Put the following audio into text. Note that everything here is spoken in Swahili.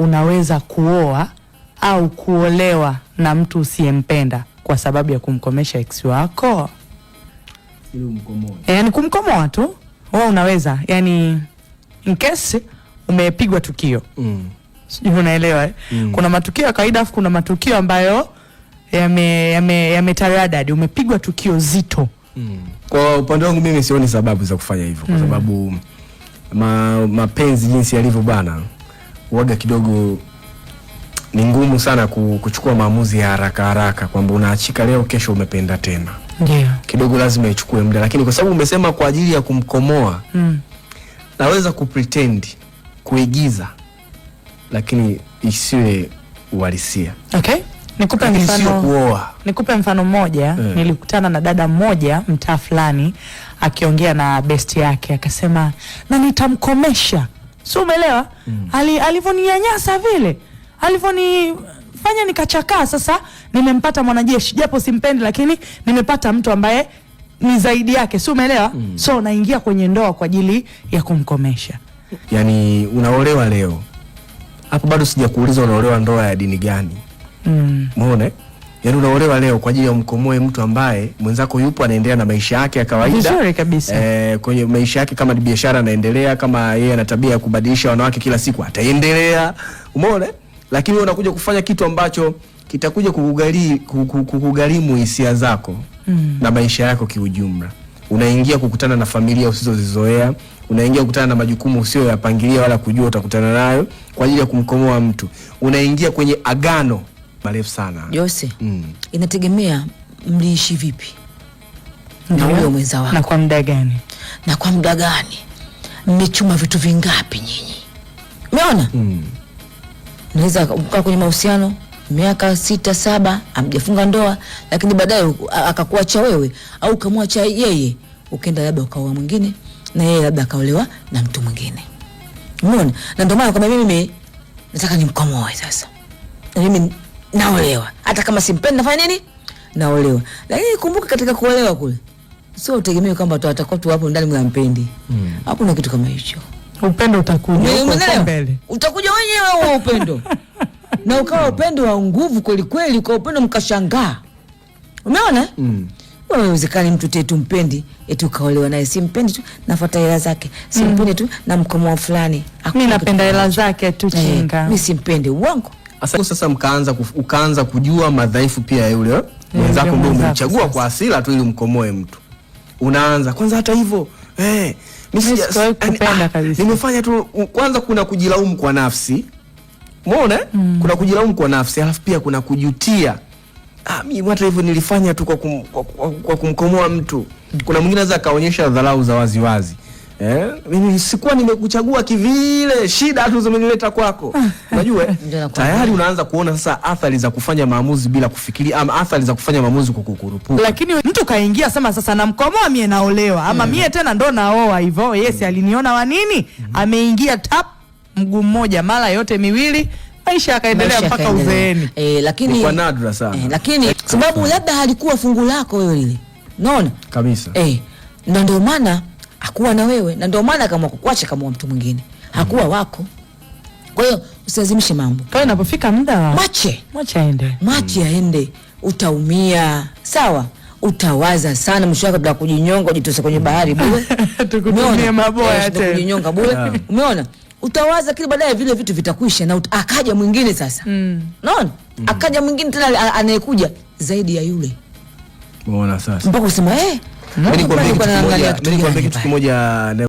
unaweza kuoa au kuolewa na mtu usiyempenda kwa sababu ya kumkomesha ex wako, eh, Yani kumkomoa tu wewe unaweza, yaani in case umepigwa tukio mm. Sijui unaelewa eh? mm. Kuna matukio ya kawaida afu kuna matukio ambayo yametaradad yame umepigwa tukio zito mm. Kwa upande wangu mimi sioni sababu za kufanya hivyo kwa mm. sababu ma, mapenzi jinsi yalivyo bana waga kidogo ni ngumu sana kuchukua maamuzi ya haraka haraka kwamba unaachika leo, kesho umependa tena. yeah. Kidogo lazima ichukue muda, lakini kwa sababu umesema kwa ajili ya kumkomoa mm. naweza kupretend kuigiza, lakini isiwe uhalisia. Okay. Nikupe mfano, nikupe mfano mmoja yeah. Nilikutana na dada mmoja mtaa fulani akiongea na besti yake akasema, na nitamkomesha si umeelewa? mm. Ali, alivyoninyanyasa vile alivyonifanya nikachakaa. Sasa nimempata mwanajeshi, japo simpendi, lakini nimepata mtu ambaye ni zaidi yake, si umeelewa? mm. So naingia kwenye ndoa kwa ajili ya kumkomesha. Yani unaolewa leo hapo, bado sijakuuliza unaolewa ndoa ya dini gani? mm yani unaolewa leo kwa ajili ya umkomoe mtu ambaye mwenzako yupo anaendelea na maisha yake ya kawaida vizuri kabisa. Eh, kwenye maisha yake kama ni biashara anaendelea, kama yeye ana tabia ya kubadilisha wanawake kila siku ataendelea, umeona. Lakini wewe unakuja kufanya kitu ambacho kitakuja kukugharimu hisia zako mm, na maisha yako kiujumla. Unaingia kukutana na familia usizozizoea, unaingia kukutana na majukumu usiyoyapangilia wala kujua utakutana nayo kwa ajili ya kumkomoa mtu, unaingia kwenye agano marefu sana Jose. Mm. Inategemea mliishi vipi na huyo mwenza wako na kwa muda gani, na kwa muda gani, mmechuma vitu vingapi nyinyi? Umeona mm. Naweza kukaa kwenye mahusiano miaka sita saba, amjafunga ndoa, lakini baadaye akakuacha wewe au ukamwacha yeye, ukenda labda ukaoa mwingine, na yeye labda akaolewa na mtu mwingine. Umeona, na ndio maana kwamba mimi nataka nimkomoe sasa, na mimi naolewa, hata kama simpendi nafanya nini, naolewa. Lakini kumbuka, katika kuolewa kule sio utegemee kwamba tu atakuwa tu hapo ndani mnampendi hapo, hmm. na kitu kama hicho. Upendo utakuja huko mbele, utakuja wenyewe huo upendo na ukawa upendo wa nguvu kweli kweli, kwa upendo mkashangaa, umeona mm. Wewe Haiwezekani mtu tetu mpendi eti ukaolewa naye, simpendi tu nafuata hela zake, simpendi hmm. tu na mkomo fulani, Mimi napenda hela zake tu, eh, chinga, mi simpendi uongo. Asa, sasa mkaanza ukaanza kujua madhaifu pia ya yule eh, mwenzako ndio umemchagua kwa asila tu ili umkomoe mtu. Unaanza kwanza hata hivyo eh, mimi ah, nimefanya tu kwanza, kuna kujilaumu kwa nafsi. Umeona? Mm. Kuna kujilaumu kwa nafsi alafu pia kuna kujutia. Ah, mimi hata hivyo nilifanya tu kwa, kum, kwa, kwa, kwa kumkomoa mtu. Kuna mwingine anaweza akaonyesha dharau za waziwazi wazi. Eh, mimi sikuwa nimekuchagua kivile, shida tu zimenileta kwako. Ah. Unajua tayari unaanza kuona sasa athari za kufanya maamuzi bila kufikiria, ama athari za kufanya maamuzi kwa kukurupuka. Lakini mtu kaingia sema sasa namkomoa mie naolewa ama mm. mie tena ndo naoa hivyo, yes mm. aliniona wa nini mm ameingia tap mguu mmoja mara yote miwili maisha yakaendelea mpaka uzeeni eh, lakini kwa nadra sana eh, lakini eh, sababu labda halikuwa fungu lako wewe lile, unaona kabisa eh, na ndio maana hakuwa na wewe, na ndio maana akaamua kukuacha, kama mtu mwingine hakuwa mm. wako. Kwa hiyo usilazimishe mambo, kwa inapofika muda mwache, mwache aende, mwache mm. aende. Utaumia, sawa utawaza sana, mwisho wake bila kujinyonga, ujitose kwenye bahari bure, tukutumie maboya eh, tena, kujinyonga bure, umeona utawaza kile, baadaye vile vitu vitakwisha, na akaja mwingine sasa. Mm. Unaona? Mm. Akaja mwingine tena anayekuja zaidi ya yule. Unaona sasa? Mpaka usema eh, mimi nikwambia kitu kimoja.